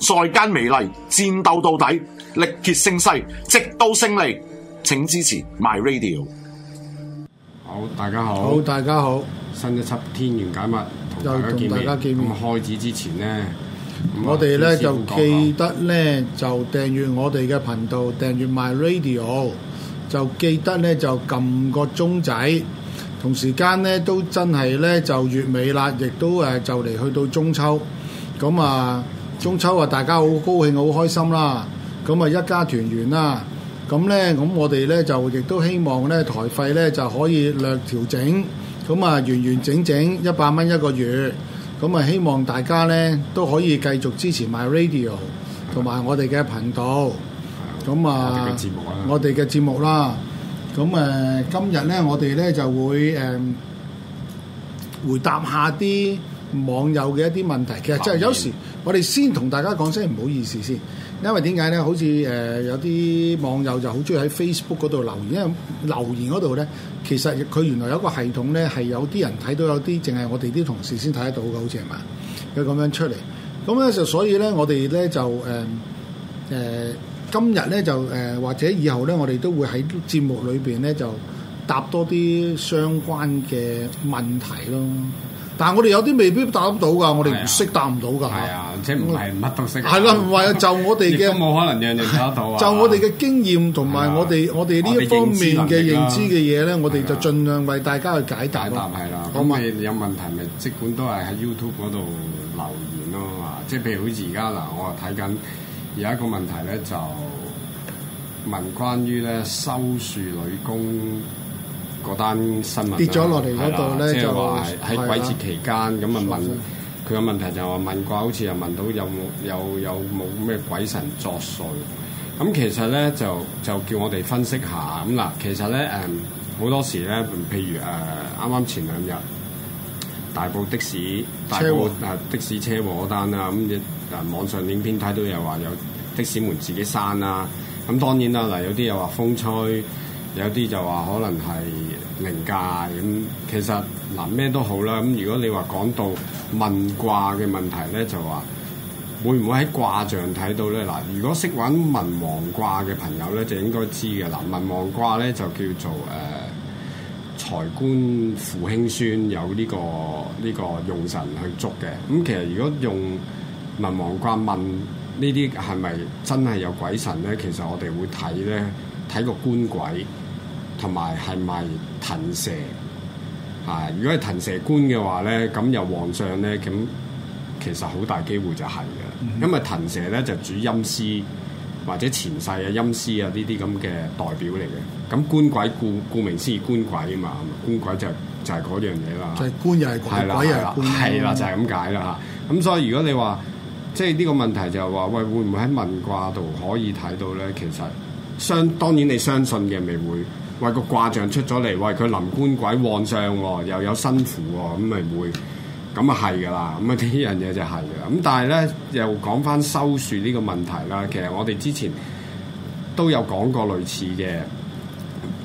在間美麗，戰鬥到底，力竭聲勢，直到勝利，請支持 My Radio。好，大家好，好，大家好。新一輯天玄解密同大家見面。咁開始之前咧，我哋咧就記得咧就訂閱我哋嘅頻道，訂閱 My Radio。就記得咧就撳個鐘仔，同時間咧都真係咧就月尾啦，亦都誒、呃、就嚟去到中秋，咁啊。嗯中秋啊，大家好高興，好開心啦！咁啊，一家團圓啦！咁呢，咁我哋呢，就亦都希望呢台費呢，就可以略調整。咁啊，完完整整一百蚊一個月。咁啊，希望大家呢，都可以繼續支持 My Radio 同埋我哋嘅頻道。咁啊吧，那我哋嘅節目啦。我哋咁誒，今日呢，我哋呢，就會誒回答一下啲網友嘅一啲問題。其實真係有時。我哋先同大家講聲唔好意思先，因為點解咧？好似誒、呃、有啲網友就好中意喺 Facebook 嗰度留言，因為留言嗰度咧，其實佢原來有一個系統咧，係有啲人睇到有啲，淨係我哋啲同事先睇得到嘅，好似係嘛？佢咁樣出嚟，咁咧就所以咧，我哋咧就誒誒、呃呃、今日咧就誒、呃、或者以後咧，我哋都會喺節目裏邊咧就答多啲相關嘅問題咯。但我哋有啲未必答得到㗎，我哋唔識答唔到㗎。係啊，即係唔係乜都識、啊？係啦、啊，唔係就我哋嘅冇可能樣樣答得到啊！ 就我哋嘅經驗同埋我哋、啊、我哋呢方面嘅認知嘅嘢咧，啊、我哋就盡量為大家去解答、啊、解答係啦，咁咪、啊、吧有問題咪即管都係喺 YouTube 嗰度留言咯啊！即係譬如好似而家嗱，我話睇緊有一個問題咧，就問關於咧收樹女工，個單新聞跌咗落嚟嗰度咧，就喺就鬼節期間咁啊的問佢嘅的問題就話問過，好似又問到有冇有有冇咩鬼神作祟？咁其實咧就就叫我哋分析下咁嗱，其實咧誒好多時咧，譬如誒啱啱前兩日大埔的士大埔車禍門啊，的士車禍嗰單啦，咁啊、嗯、網上影片睇到又話有，有的士門自己閂啦，咁當然啦嗱，有啲又話風吹。有啲就話可能係靈界咁，其實嗱咩都好啦。咁如果你話講到問卦嘅問題咧，就話會唔會喺卦象睇到咧？嗱，如果識玩文王卦嘅朋友咧，就應該知嘅。嗱，文王卦咧就叫做誒、呃、財官父兄孫有呢個呢個用神去捉嘅。咁其實如果用文王卦問呢啲係咪真係有鬼神咧？其實我哋會睇咧睇個官鬼。同埋係咪騰蛇啊？如果係騰蛇官嘅話咧，咁由皇上咧咁，其實好大機會就係嘅，嗯、哼因為騰蛇咧就主陰司或者前世陰司啊，陰司啊，呢啲咁嘅代表嚟嘅。咁、啊、官鬼顧顧名思義官鬼啊嘛，官鬼就係、就係、係、嗰樣嘢啦。就係官又係鬼，係啦，係啦，就係咁解啦嚇。咁所以如果你話即係呢個問題就係話喂，會唔會喺問卦度可以睇到咧？其實相當然你相信嘅未會。為、哎、個卦象出咗嚟，為、哎、佢臨官鬼旺相喎、哦，又有辛苦喎，咁咪會，咁啊係噶啦，咁啊呢樣嘢就係啦。咁但係咧又講翻修樹呢個問題啦，其實我哋之前都有講過類似嘅，誒、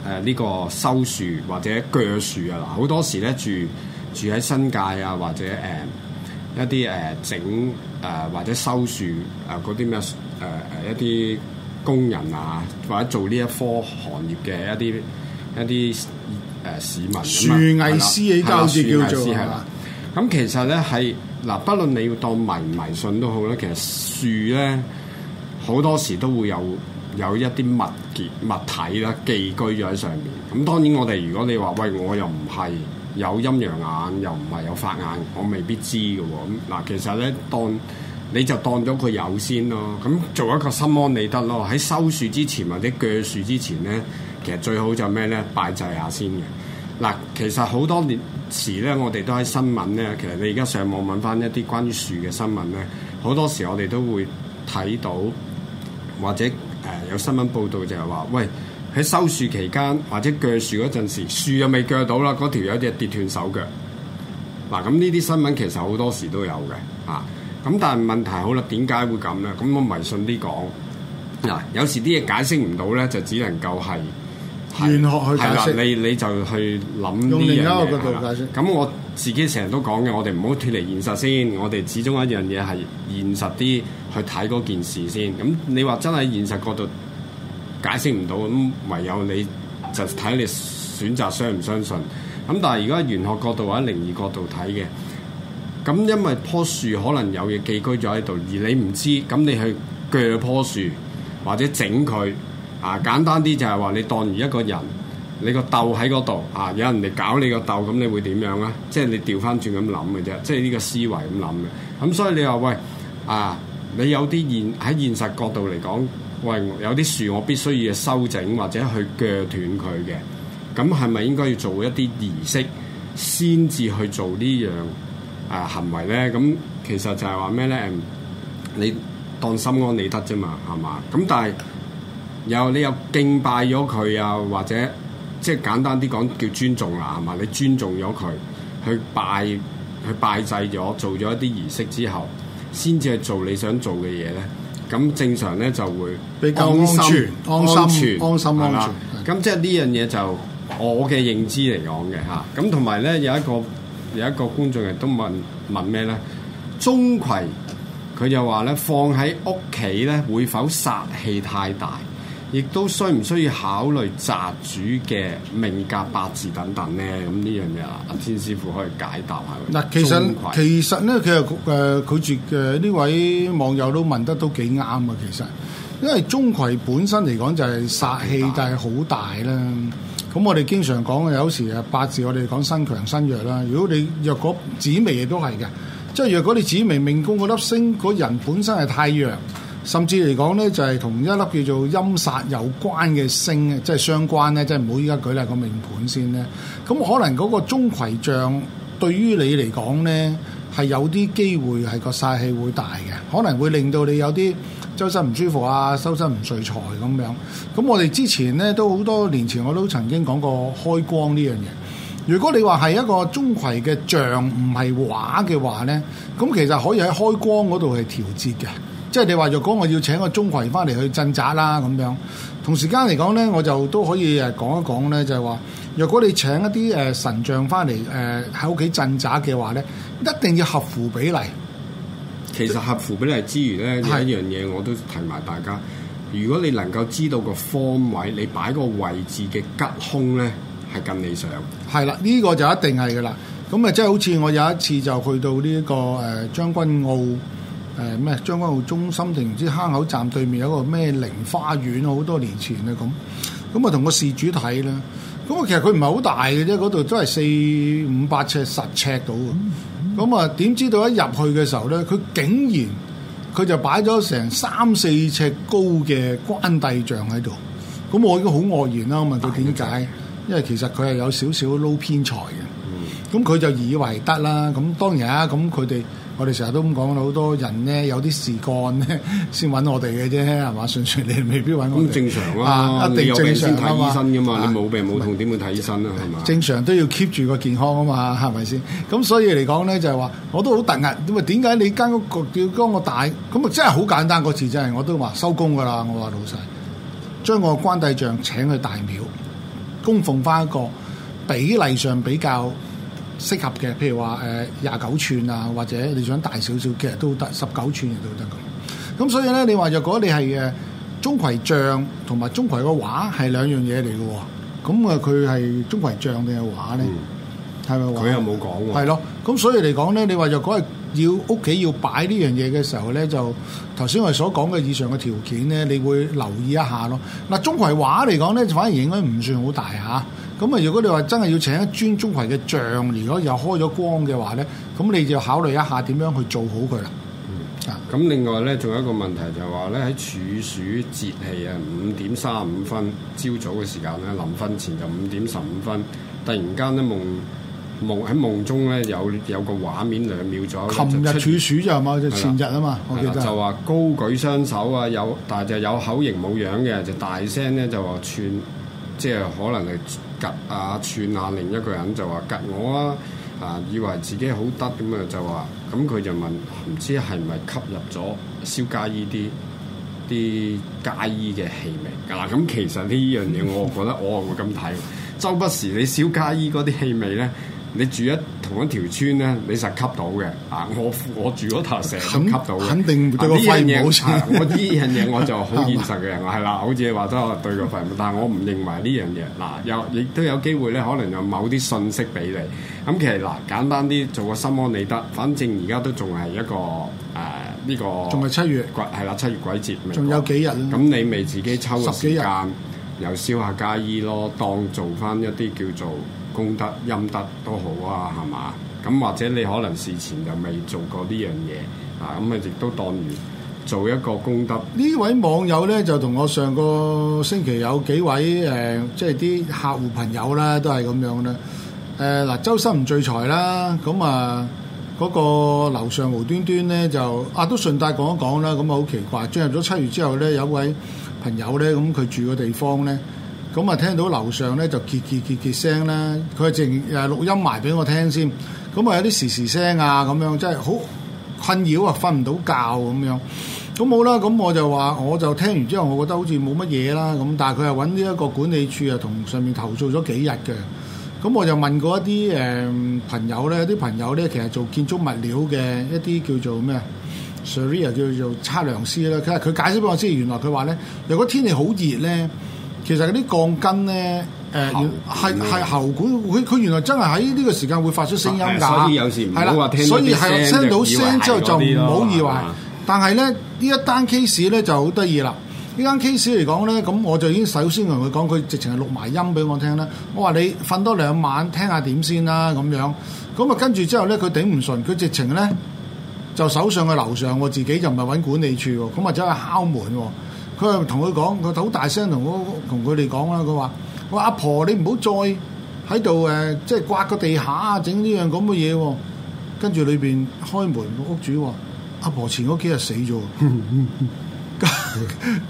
呃、呢、這個修樹或者鋸樹啊，好多時咧住住喺新界啊，或者誒、呃、一啲誒、呃、整誒、呃、或者修樹啊嗰啲咩誒誒一啲。工人啊，或者做呢一科行業嘅一啲一啲誒、呃、市民啊嘛，樹藝師嘅交涉叫做咁，其實咧係，嗱，不論你要當迷唔迷信都好啦，其實樹咧好多時都會有有一啲物件物體啦寄居咗喺上面。咁當然我哋如果你話喂，我又唔係有陰陽眼，又唔係有法眼，我未必知嘅喎。咁嗱，其實咧當。你就當咗佢有先咯，咁做一個心安理得咯。喺收樹之前或者鋸樹之前咧，其實最好就咩咧？拜祭下先嘅。嗱，其實好多時咧，我哋都喺新聞咧，其實你而家上網搵返一啲關於樹嘅新聞咧，好多時我哋都會睇到，或者誒、呃、有新聞報道就係話，喂，喺收樹期間或者鋸樹嗰陣時，樹又未鋸到啦，嗰條友就跌斷手腳。嗱，咁呢啲新聞其實好多時都有嘅，啊。咁但係問題好啦，呢點解會咁咧？咁我迷信啲講嗱，有時啲嘢解釋唔到咧，就只能夠係玄學去解釋。你，你就去諗啲嘢。咁我自己成日都講嘅，我哋唔好脫離現實先。我哋始終一樣嘢係現實啲去睇嗰件事先。咁你話真係現實角度解釋唔到，咁唯有你就睇你選擇相唔相信。咁但係如果喺玄學角度或者靈異角度睇嘅。咁因為樖樹可能有嘢寄居咗喺度，而你唔知，咁你去鋸棵樹或者整佢，啊簡單啲就係話你當如一個人，你個竇喺嗰度，啊有人哋搞你個竇，咁你會點樣咧？即係你調翻轉咁諗嘅啫，即係呢個思維咁諗嘅。咁所以你話喂，啊你有啲現喺現實角度嚟講，喂有啲樹我必須要修整或者去鋸斷佢嘅，咁係咪應該要做一啲儀式先至去做呢樣？誒行為咧，咁其實就係話咩咧？你當心安理得啫嘛，係嘛？咁但係有你有敬拜咗佢啊，或者即係簡單啲講叫尊重啦，係嘛？你尊重咗佢，去拜去拜祭咗，做咗一啲儀式之後，先至係做你想做嘅嘢咧。咁正常咧就會比較安全、安心、安心、安全係啦。咁即係呢樣嘢就我嘅認知嚟講嘅嚇。咁同埋咧有一個。有一個觀眾亦都問問咩咧？鐘馗佢又話咧放喺屋企咧會否煞氣太大，亦都需唔需要考慮宅主嘅命格、八字等等咧？咁呢樣嘢、啊、啦，阿天師傅可以解答下。嗱實葵，其實其實咧，佢又誒拒絕嘅呢位網友都問得都幾啱啊！其實，因為鐘馗本身嚟講就係煞氣，大但係好大啦。咁我哋經常講，有時啊八字我哋講身強身弱啦。如果你若果紫微都係嘅，即係若果你紫微命宮嗰粒星，嗰人本身係太弱，甚至嚟講呢就係、是、同一粒叫做陰煞有關嘅星，即係相關呢，即係唔好依家舉例個命盤先呢。咁可能嗰個鍾馗像對於你嚟講呢。係有啲機會係個曬氣會大嘅，可能會令到你有啲周身唔舒服啊、收身唔聚財咁樣。咁我哋之前咧都好多年前我都曾經講過開光呢樣嘢。如果你話係一個鍾馗嘅像唔係畫嘅話咧，咁其實可以喺開光嗰度係調節嘅。即係你話若果我要請個鍾馗翻嚟去鎮宅啦咁樣，同時間嚟講咧，我就都可以誒講一講咧就係、是、話。如果你請一啲誒、呃、神像翻嚟誒喺屋企鎮宅嘅話咧，一定要合乎比例。其實合乎比例之餘咧，係是一樣嘢我都提埋大家。如果你能夠知道個方位，你擺個位置嘅吉凶咧，係更理想。係啦，呢、這個就一定係噶啦。咁啊，即係好似我有一次就去到呢、這個誒、呃、將軍澳誒咩、呃、將軍澳中心定唔知坑口站對面有個咩寧花園，好多年前啊咁。咁啊，同個事主睇啦。咁啊，其實佢唔係好大嘅啫，嗰度都係四五百尺、十尺到嘅。咁啊、嗯，點、嗯嗯、知道一入去嘅時候咧，佢竟然佢就擺咗成三四尺高嘅關帝像喺度。咁我已經好愕然啦，我問佢點解，的因為其實佢係有少少撈偏財嘅。咁佢、嗯、就以為得啦。咁當然啊，咁佢哋。我哋成日都咁講，好多人咧，有啲事幹咧先揾我哋嘅啫，係嘛？順傳你未必揾我。咁正常啊，啊。一定正常啊嘛！你冇病冇痛點會睇醫生吧啊？係嘛？啊、吧正常都要 keep 住個健康啊嘛，係咪先？咁所以嚟講咧就係、是、話，我都好突壓咁啊！點解你間屋焗到咁我大？咁啊真係好簡單，嗰次真係，我都話收工㗎啦！我話老細，將個關帝像請去大廟，供奉翻一個比例上比較，適合嘅，譬如話誒廿九寸啊，或者你想大少少，嘅，實都得十九寸亦都得嘅。咁所以咧，你話若果你係誒鍾馗像同埋鍾馗個畫係兩樣嘢嚟嘅喎，咁啊佢係鍾馗像定係畫咧？係咪、嗯？佢又冇講喎。係咯，咁所以嚟講咧，你話若果係要屋企要擺呢樣嘢嘅時候咧，就頭先我哋所講嘅以上嘅條件咧，你會留意一下咯。嗱，鍾馗畫嚟講咧，反而應該唔算好大嚇。咁啊！如果你話真係要請一尊中型嘅像，如果又開咗光嘅話咧，咁你就考慮一下點樣去做好佢啦。嗯，咁另外咧，仲有一個問題就係話咧，喺處暑節氣啊，五點三五分朝早嘅時間咧，臨瞓前就五點十五分，突然間咧夢夢喺夢中咧有，有個畫面兩秒左右，琴日處暑咋嘛？就的的前日啊嘛，我記得就話高舉雙手啊，有但係就有口型冇樣嘅，就大聲咧就話串。即係可能係隔啊串啊，串另一個人就話隔我啊，啊以為自己好得咁啊就話，咁佢就問唔知係咪吸入咗燒街衣啲啲街衣嘅氣味啊？咁其實呢依樣嘢我覺得我係會咁睇，周不時你燒街衣嗰啲氣味咧。你住一同一條村咧，你實吸到嘅啊！我我住嗰頭成日吸到嘅。肯定。 是、啊、對個肺我呢樣嘢我就好現實嘅人，係啦，好似你話得對個肺，但係我唔認為呢樣嘢。嗱，有亦都有機會咧，可能有某啲信息俾你。咁、啊、其實嗱，簡單啲做個心安理得。反正而家都仲係一個誒呢、啊呢個，仲係七月，係啦、啊、七月鬼節，仲有幾日？咁、啊嗯嗯、你咪自己抽個時間，又燒下街衣咯，當做翻一啲叫做。功德、陰德都好啊，係嘛？咁或者你可能事前就未做過呢樣嘢，啊咁啊，亦都當如做一個功德。呢位網友咧就同我上個星期有幾位誒、呃，即係啲客戶朋友啦，都係咁樣、呃、啦。誒嗱、啊，周身唔聚財啦，咁啊嗰個樓上無端端咧就啊，都順帶講一講啦。咁啊好奇怪，進入咗七月之後咧，有位朋友咧，咁佢住嘅地方咧。咁啊，聽到樓上咧就嘰嘰嘰嘰聲咧，佢淨誒錄音埋俾我聽先。咁啊，有啲時時聲啊，咁樣真係好困擾啊，瞓唔到覺咁樣。咁好啦，咁我就話，我就聽完之後，我覺得好似冇乜嘢啦。咁但係佢係揾呢一個管理處啊，同上面投訴咗幾日嘅。咁我就問過一啲誒朋友咧，啲朋友咧其實做建築物料嘅一啲叫做咩啊 surveyor 叫做測量師啦。佢係佢解釋俾我知，原來佢話咧，如果天氣好熱咧。其實啲鋼筋咧，誒係係喉管嚴，佢佢原來真係喺呢個時間會發出聲音㗎，係啦、啊，所以係聽到聲,到聲之後就唔好以為。說但係咧呢一單 case 咧就好得意啦。呢間 case 嚟講咧，咁我就已經首先同佢講，佢直情係錄埋音俾我聽啦。我話你瞓多兩晚，聽下點先啦。咁樣咁啊，跟住之後咧，佢頂唔順，佢直情咧就手上去樓上，我自己就唔係揾管理處喎，咁啊走去敲門喎。佢又同佢講，佢好大聲同我同佢哋講啦。佢話：我阿婆，你唔好再喺度誒，即係刮個地下這這啊！整呢樣咁嘅嘢。跟住裏邊開門，屋主話：阿婆前屋企日死咗。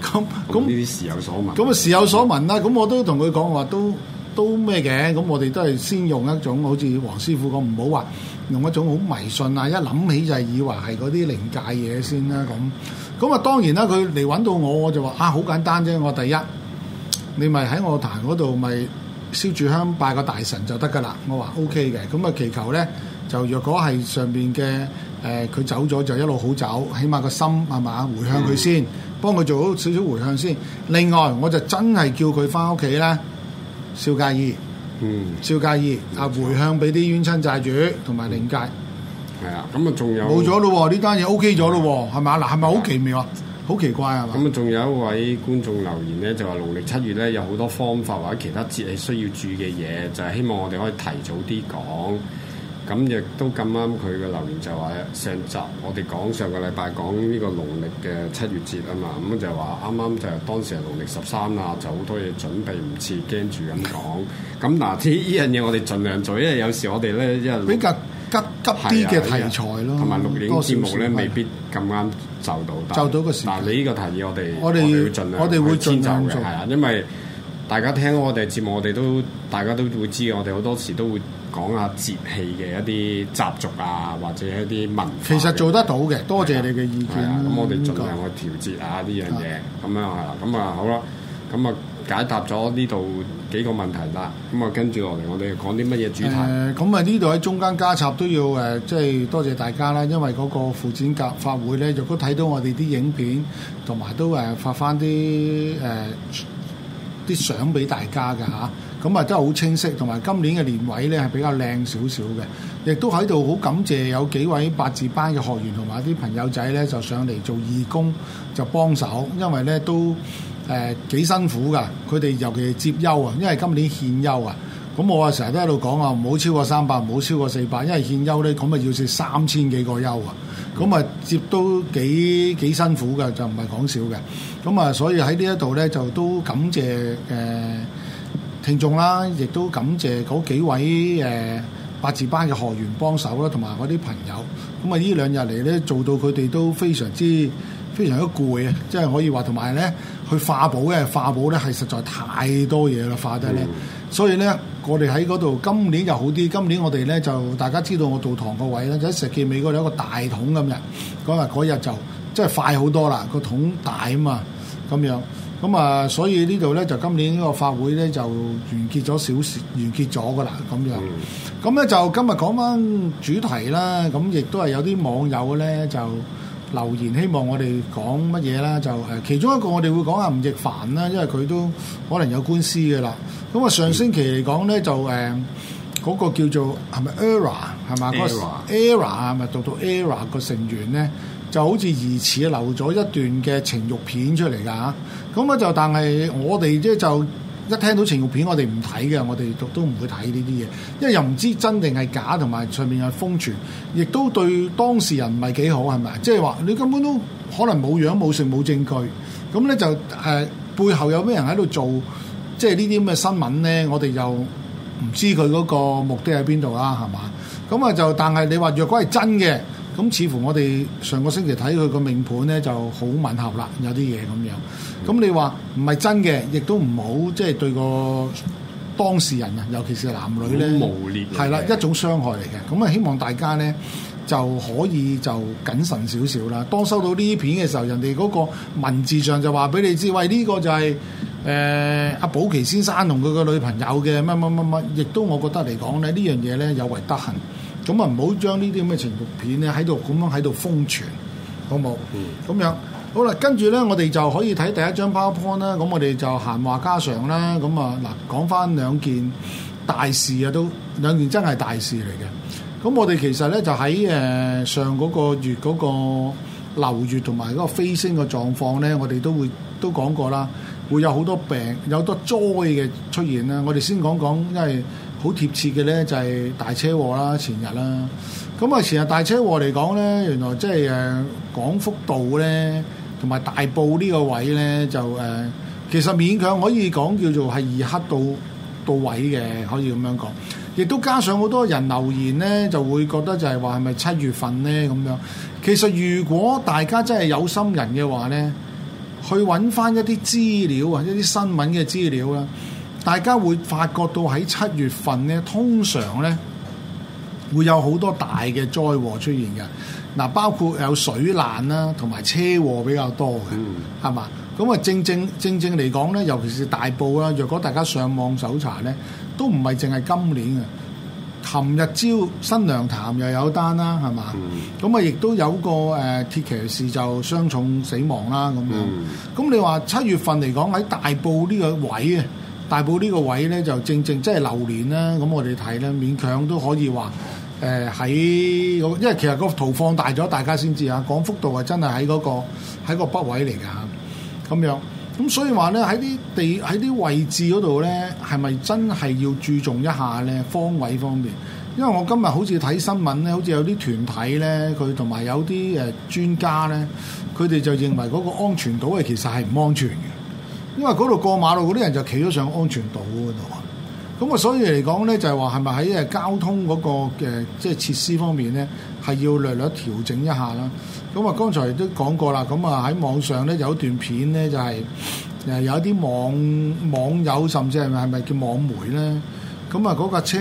咁 咁，事、嗯、有所聞。咁啊，事有所聞啦。咁我都同佢講話，都都咩嘅？咁我哋都係先用一種好似黃師傅講，唔好話用一種好迷信啊！一諗起就係以為係嗰啲靈界嘢先啦。咁。咁啊，當然啦，佢嚟揾到我，我就話啊，好簡單啫。我第一，你咪喺我壇嗰度咪燒住香拜個大神就得噶啦。我話 O K 嘅，咁啊祈求咧，就若果係上邊嘅誒，佢、呃、走咗就一路好走，起碼個心係嘛回向佢先，嗯、幫佢做好少少回向先。另外，我就真係叫佢翻屋企啦，燒街衣，燒、嗯、街衣啊，回向俾啲冤親債主同埋領界。係啊，咁啊仲有冇咗咯？呢單嘢 OK 咗咯，係咪啊？嗱， 係咪好奇妙啊？ 好奇怪啊？咁啊，仲 有一位觀眾留言咧，就話農曆七月咧有好多方法或者其他節氣需要注意嘅嘢，就係、是、希望我哋可以提早啲講。咁亦都咁啱，佢嘅留言就話上集我哋講上個禮拜講呢個農曆嘅七月節啊嘛，咁就話啱啱就當時係農曆十三啊，就好多嘢準備唔切，驚住咁講。咁嗱，呢依樣嘢我哋盡量做，因為有時我哋咧比較。急急啲嘅題材咯，同埋、啊啊、錄影節目咧未必咁啱就到，就但到個時。嗱，你呢個提議我哋我哋們會盡量去遷就嘅，係啊，因為大家聽我哋節目，我哋都大家都會知，我哋好多時都會講下節氣嘅一啲習俗啊，或者一啲文化。其實做得到嘅，啊、多謝你嘅意見。咁、啊啊啊、我哋盡量去調節下呢樣嘢，咁樣係啦。咁啊好啦，咁啊。解答咗呢度幾個問題啦，咁啊跟住落嚟，我哋講啲乜嘢主題？咁啊呢度喺中間加插都要誒，即、呃、係多謝大家啦，因為嗰個附薦甲法會咧，亦都睇到我哋啲影片同埋都誒、呃、發翻啲誒啲相俾大家嘅嚇，咁啊都係好清晰，同埋今年嘅年位咧係比較靚少少嘅，亦都喺度好感謝有幾位八字班嘅學員同埋啲朋友仔咧就上嚟做義工就幫手，因為咧都。誒幾、呃、辛苦㗎，佢哋尤其係接優啊，因為今年欠優啊，咁我啊成日都喺度講啊，唔好超過三百，唔好超過四百，因為欠優呢，咁啊要食三千幾個優啊，咁啊、嗯、接都幾幾辛苦嘅，就唔係講笑嘅。咁啊，所以喺呢一度呢，就都感謝誒、呃、聽眾啦，亦都感謝嗰幾位誒、呃、八字班嘅學員幫手啦，同埋嗰啲朋友。咁啊，呢兩日嚟呢，做到佢哋都非常之～非常之攰啊，即係可以話同埋咧，去化寶嘅，化寶咧係實在太多嘢啦，化得咧。所以咧，我哋喺嗰度今年就好啲。今年我哋咧就大家知道我道堂個位咧，喺石硤尾嗰度一個大桶咁嘅。嗰日嗰日就即係快好多啦，個桶大啊嘛，咁樣咁啊。所以呢度咧就今年個呢個法會咧就完結咗少時，完結咗噶啦咁樣。咁咧、嗯、就今日講翻主題啦。咁亦都係有啲網友咧就。留言希望我哋講乜嘢啦？就誒、呃，其中一個我哋會講下吳亦凡啦，因為佢都可能有官司嘅啦。咁啊，上星期嚟講咧，就誒嗰、呃那個叫做係咪 era 係嘛？era 啊，咪讀到 era 個成員咧，就好似疑似留咗一段嘅情慾片出嚟㗎。咁啊，就但係我哋即就。一聽到情慾片，我哋唔睇嘅，我哋都都唔會睇呢啲嘢，因為又唔知真定係假，同埋上面有瘋傳，亦都對當事人唔係幾好，係咪？即係話你根本都可能冇樣冇證冇證據，咁咧就誒、呃、背後有咩人喺度做，即係呢啲咁嘅新聞咧，我哋又唔知佢嗰個目的喺邊度啦，係嘛？咁啊就，但係你話若果係真嘅。咁似乎我哋上個星期睇佢個命盤咧就好吻合啦，有啲嘢咁樣。咁、嗯、你話唔係真嘅，亦都唔好即係對個當事人啊，尤其是男女咧，係啦，一種傷害嚟嘅。咁啊，希望大家咧就可以就謹慎少少啦。當收到呢啲片嘅時候，人哋嗰個文字上就話俾你知，喂，呢、呢個就係誒阿寶琪先生同佢嘅女朋友嘅乜乜乜乜，亦都我覺得嚟講咧呢樣嘢咧有違德行。咁啊，唔好將呢啲咁嘅情慾片咧喺度咁樣喺度瘋傳，好冇？嗯，咁樣好啦，跟住咧，我哋就可以睇第一張 PowerPoint 啦。咁我哋就閒話家常啦。咁啊，嗱，講返兩件大事啊，都兩件真係大事嚟嘅。咁我哋其實咧就喺誒、呃、上嗰個月嗰、嗰個流月同埋嗰個飛星嘅狀況咧，我哋都會都講過啦。會有好多病、有多災嘅出現啦。我哋先講講，因為。好貼切嘅呢就係、是、大車禍啦，前日啦，咁啊前日大車禍嚟講呢，原來即係誒廣福道呢同埋大埔呢個位呢，就誒、呃，其實勉強可以講叫做係二黑到到位嘅，可以咁樣講。亦都加上好多人留言呢，就會覺得就係話係咪七月份呢。咁樣？其實如果大家真係有心人嘅話呢，去揾翻一啲資料啊，或者一啲新聞嘅資料啦。大家會發覺到喺七月份咧，通常咧會有好多大嘅災禍出現嘅。嗱，包括有水難啦、啊，同埋車禍比較多嘅，係嘛、嗯？咁啊，正正正正嚟講咧，尤其是大埔啦。若果大家上網搜查咧，都唔係淨係今年嘅。琴日朝新娘潭又有單啦，係嘛？咁啊、嗯，亦都有個誒、呃、鐵騎士就傷重死亡啦，咁樣、啊。咁、嗯、你話七月份嚟講喺大埔呢個位嘅？大埔呢個位咧就正正即係流年啦，咁我哋睇咧，勉強都可以話誒喺，因為其實個圖放大咗，大家先知啊，廣福道係真係喺嗰個喺個北位嚟㗎，咁樣，咁所以話咧喺啲地喺啲位置嗰度咧，係咪真係要注重一下咧方位方面？因為我今日好似睇新聞咧，好似有啲團體咧，佢同埋有啲誒專家咧，佢哋就認為嗰個安全島係其實係唔安全嘅。因為嗰度過馬路嗰啲人就企咗上安全島嗰度啊，咁啊所以嚟講咧就係話係咪喺誒交通嗰個嘅即係設施方面咧係要略略調整一下啦。咁啊，剛才都講過啦，咁啊喺網上咧有一段片咧就係誒有一啲網網友甚至係咪係咪叫網媒咧？咁啊嗰架車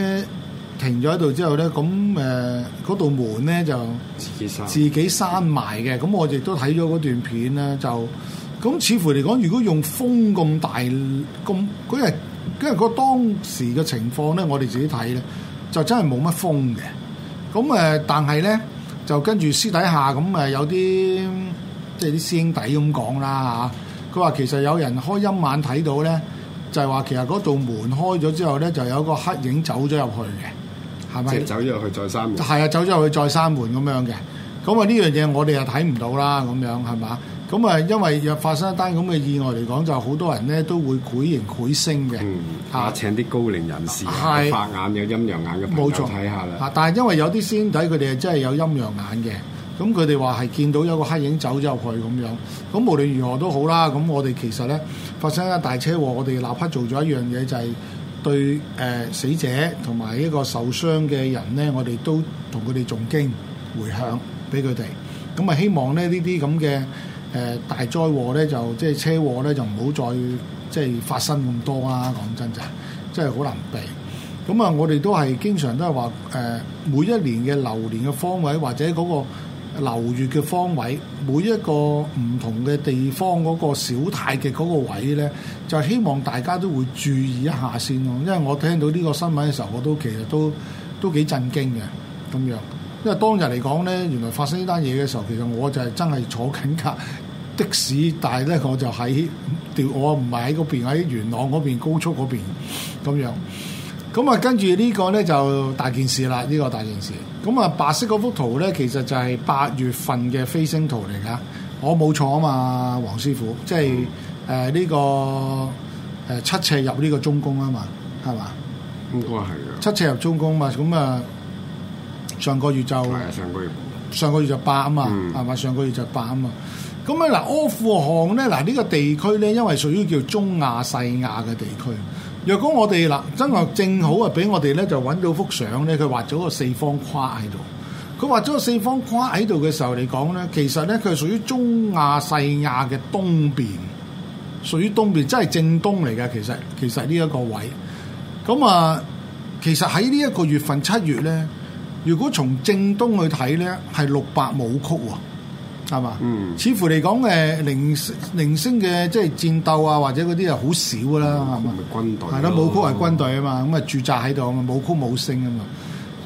停咗喺度之後咧，咁誒嗰道門咧就自己閂自己閂埋嘅。咁我亦都睇咗嗰段片咧，就。咁似乎嚟講，如果用風咁大、咁嗰日，因為嗰當時嘅情況咧，我哋自己睇咧，就真係冇乜風嘅。咁誒，但係咧，就跟住私底下咁誒，有啲即係啲師兄弟咁講啦嚇。佢話其實有人開陰眼睇到咧，就係、是、話其實嗰道門開咗之後咧，就有個黑影走咗入去嘅。係咪？係走咗入去再閂門。係啊，走咗入去再閂門咁樣嘅。咁啊，呢樣嘢我哋又睇唔到啦，咁樣係嘛？咁啊，因為若發生一單咁嘅意外嚟講，就好多人咧都會鬼形鬼聲嘅。嗯，啊請啲高齡人士、有法是眼、有陰陽眼嘅朋友睇下啦。錯看看啊，但係因為有啲師兄弟佢哋係真係有陰陽眼嘅，咁佢哋話係見到有個黑影走咗入去咁樣。咁無論如何都好啦。咁我哋其實咧發生一大車禍，我哋立刻做咗一樣嘢，就係、是、對誒、呃、死者同埋一個受傷嘅人咧，我哋都同佢哋誦經回向俾佢哋。咁啊，希望咧呢啲咁嘅。這誒大災禍咧，就即係車禍咧，就唔好再即係發生咁多啦。講真就，真係好難避。咁啊，我哋都係經常都係話誒，每一年嘅流年嘅方位，或者嗰個流月嘅方位，每一個唔同嘅地方嗰個小太極嗰個位咧，就希望大家都會注意一下先咯。因為我聽到呢個新聞嘅時候，我都其實都都幾震驚嘅咁樣。因為當日嚟講咧，原來發生呢單嘢嘅時候，其實我就係真係坐緊㗎。的士，但係咧我就喺掉，我唔係喺嗰邊喺元朗嗰邊高速嗰邊咁樣。咁啊，跟住呢個咧就大件事啦，呢、這個大件事。咁啊，白色嗰幅圖咧，其實就係八月份嘅飛星圖嚟噶。我冇錯啊嘛，黃師傅，即係誒呢個誒七赤入呢個中宮啊嘛，係嘛？應該係啊。七赤入中宮啊嘛，咁啊上個月就上個月上個月就八啊嘛，係、嗯、嘛？上個月就八啊、嗯、嘛。嗯咁咧嗱，阿富汗咧嗱呢個地區咧，因為屬於叫中亞細亞嘅地區。若果我哋嗱真係正好啊，俾我哋咧就揾到幅相咧，佢畫咗個四方框喺度。佢畫咗個四方框喺度嘅時候嚟講咧，其實咧佢係屬於中亞細亞嘅東邊，屬於東邊，真係正東嚟嘅。其實其實呢一個位，咁啊，其實喺呢一個月份七月咧，如果從正東去睇咧，係六白武曲喎。係嘛？嗯、似乎嚟講，誒，零零星嘅即係戰鬥啊，或者嗰啲啊，好少噶啦，係吧嘛？係咯、嗯，武曲係軍隊啊嘛，咁啊駐紮喺度啊嘛，武曲冇聲啊嘛。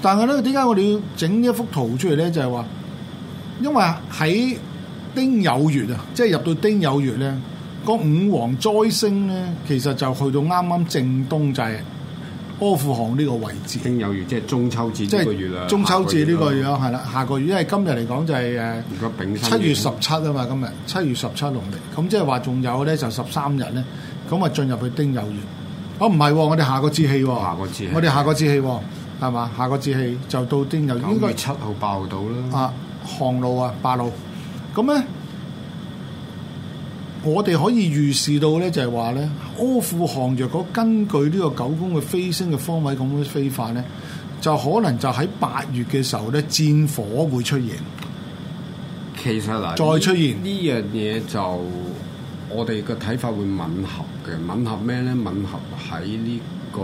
但係咧，點解我哋要整一幅圖出嚟咧？就係、是、話，因為喺丁酉月啊，即係入到丁酉月咧，個五黃災星咧，其實就去到啱啱正東就係。阿富汗呢個位置，丁酉月即係中秋節呢個月啦。中秋節呢個月係啦，下個月因為今日嚟講就係、是、誒七月十七啊嘛，今日七月十七農曆，咁即係話仲有咧就十三日咧，咁啊進入去丁酉月。哦唔係，我哋下個節氣喎、啊，我哋下個節氣係、啊、嘛、啊？下個節氣就到丁酉月。九月七號爆到啦。該啊，行路啊，八路咁咧。我哋可以預示到咧，就係話咧，阿富汗若果根據呢個九宮嘅飛星嘅方位咁樣飛法咧，就可能就喺八月嘅時候咧，戰火會出現。其實嗱，再出現呢樣嘢就我哋嘅睇法會吻合嘅，吻合咩咧？吻合喺呢個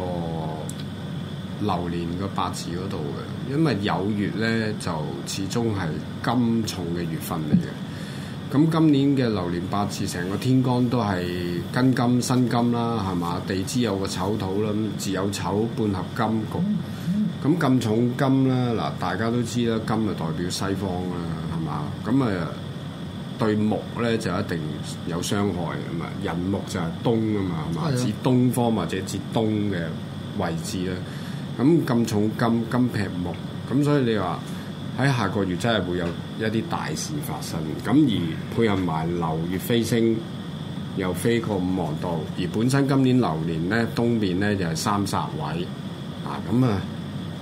流年嘅八字嗰度嘅，因為有月咧就始終係金重嘅月份嚟嘅。咁今年嘅流年八字，成個天干都係金金新金啦，係嘛？地支有個丑土啦，咁自有丑半合金局。咁咁、嗯嗯、重金啦，嗱大家都知啦，金就代表西方啦，係嘛？咁啊對木咧就一定有傷害㗎嘛。寅木就係東啊嘛，係嘛？的指東方或者指東嘅位置啦。咁咁重金金劈木，咁所以你話，喺下個月真係會有一啲大事發生，咁而配合埋流月飛星，又飛過五黃道，而本身今年流年咧東面咧就係三煞位，啊咁啊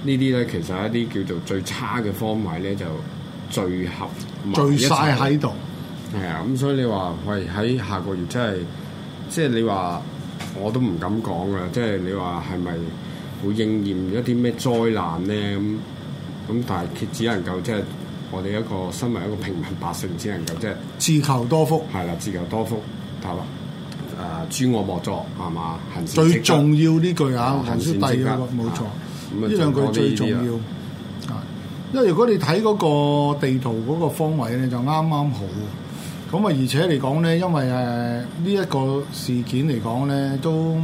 呢啲咧其實一啲叫做最差嘅方位咧就最合最晒喺度。係啊，咁所以你話喂喺下個月真係，即係你話我都唔敢講啊，即係你話係咪會應驗一啲咩災難咧咁？咁但係只能夠即係、就是、我哋一個身為一個平民百姓，只能夠即係、就是、自求多福。係啦，自求多福，係嘛？誒、呃，諸惡莫作係嘛？最重要呢句啊，行善積德，冇錯。呢兩、啊嗯、句最重要啊。嗯嗯、因為如果你睇嗰個地圖嗰個方位咧，就啱啱好。咁啊，而且嚟講咧，因為誒呢一個事件嚟講咧都。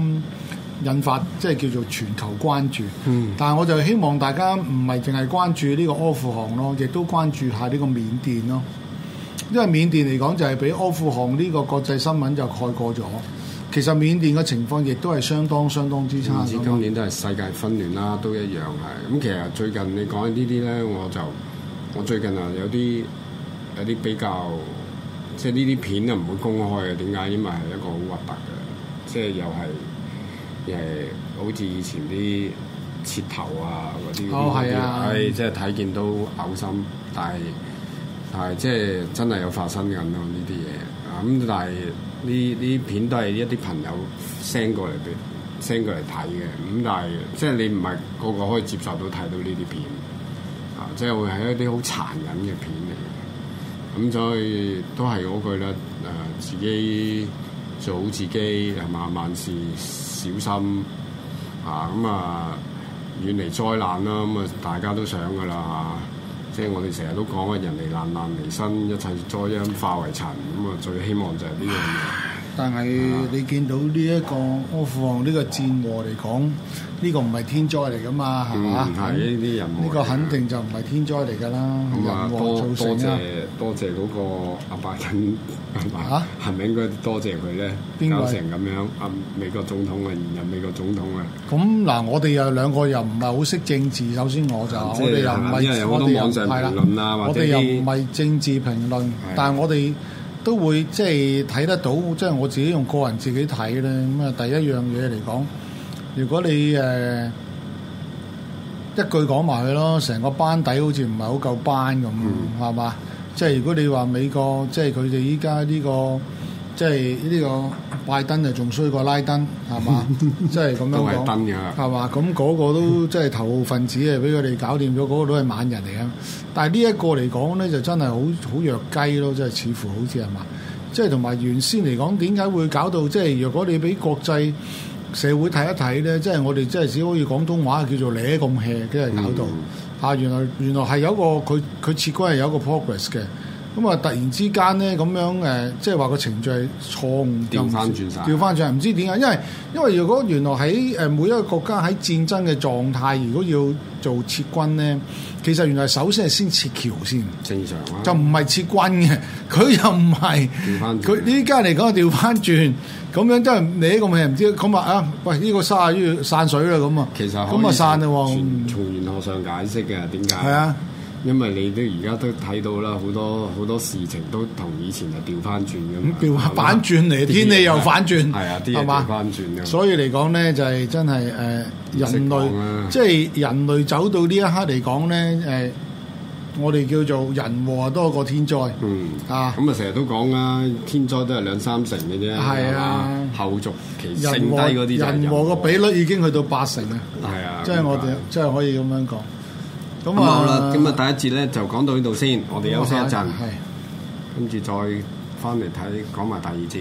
引發即係叫做全球關注，嗯、但係我就希望大家唔係淨係關注呢個阿富汗咯，亦都關注下呢個緬甸咯。因為緬甸嚟講就係畀阿富汗呢個國際新聞就蓋過咗。其實緬甸嘅情況亦都係相當相當之差。今，今年都係世界紛亂啦，都一樣係。咁其實最近你講緊呢啲咧，我就我最近啊有啲有啲比較，即係呢啲片就唔會公開嘅。點解？因為係一個好核突嘅，即係又係。又好似以前啲切頭啊嗰啲，哎，即係睇見都嘔心。但係但係即係真係有發生緊咯呢啲嘢。啊咁，但係呢啲片都係一啲朋友 send 過嚟俾 send 過嚟睇嘅。咁但係即係你唔係個個可以接受到睇到呢啲片。啊，即係會係一啲好殘忍嘅片嚟嘅。咁所以都係嗰句啦，誒自己。做好自己，係嘛，萬事小心啊！咁、嗯、啊，遠離災難啦！咁啊，大家都想㗎喇、啊、即係我哋成日都講啊，人離難難離身，一切災殃化為塵。咁、嗯、啊，最希望就係呢樣嘢。但係你見到呢一個阿富汗呢個戰禍嚟講，呢個唔係天災嚟噶嘛，係咪？呢個肯定就唔係天災嚟㗎啦。咁啊，多多謝多謝嗰個阿拜登係咪？係咪應該多謝佢咧，搞成咁樣？阿美國總統啊，現任美國總統啊。咁嗱，我哋又兩個人唔係好識政治，首先我就我哋又唔係我哋又唔係政治評論，但係我哋，都會即係睇得到，即係我自己用個人自己睇咧。咁啊，第一樣嘢嚟講，如果你誒、呃、一句講埋佢咯，成個班底好似唔係好夠班咁，係嘛？嗯、即係如果你話美國，即係佢哋依家呢個。即係呢個拜登啊，仲衰過拉登係嘛？ 即係咁樣講， 都係登係嘛？咁嗰個都即係頭號分子啊！俾佢哋搞掂咗，嗰、嗰個都係猛人嚟嘅。但係呢一個嚟講咧，就真係好好弱雞咯，即係似乎好似係嘛？即係同埋原先嚟講，點解會搞到即係？如果你俾國際社會睇一睇咧，即係我哋即係只可以廣東話叫做你咁 hea 即係搞到、嗯、啊！原來原來係有一個佢佢設局係有一個 progress 嘅。咁啊！突然之間咧，咁樣誒、呃，即係話個程序錯誤，調翻轉曬，調翻轉。唔知點解，因為因為如果原來喺誒每一個國家喺戰爭嘅狀態，如果要做撤軍咧，其實原來首先係先撤僑先，正常啊，就唔係撤軍嘅，佢又唔係調翻轉，佢呢家嚟講調翻轉，咁樣真係唶個名唔知咁啊！啊、呃，喂，呢個沙要散水啦，咁啊，其實咁啊，散啦喎。從玄學上解釋嘅點解？係啊。因為你都而家都睇到啦，好多好多事情都同以前啊調翻轉咁樣，調反轉嚟，天氣又反轉，係啊，啲嘢調翻轉，所以嚟講咧，就係真係誒人類，即係人類走到呢一刻嚟講咧誒，我哋叫做人禍多過天災。嗯啊，咁啊，成日都講啦，天災都係兩三成嘅啫，係啊，後續其剩低啲人禍個比率已經去到八成啊，係啊，即係我哋即係可以咁樣講。好啦，今日第一節咧、嗯、就講到呢度先，嗯、我哋休息一陣，跟住的再翻嚟睇講埋第二節。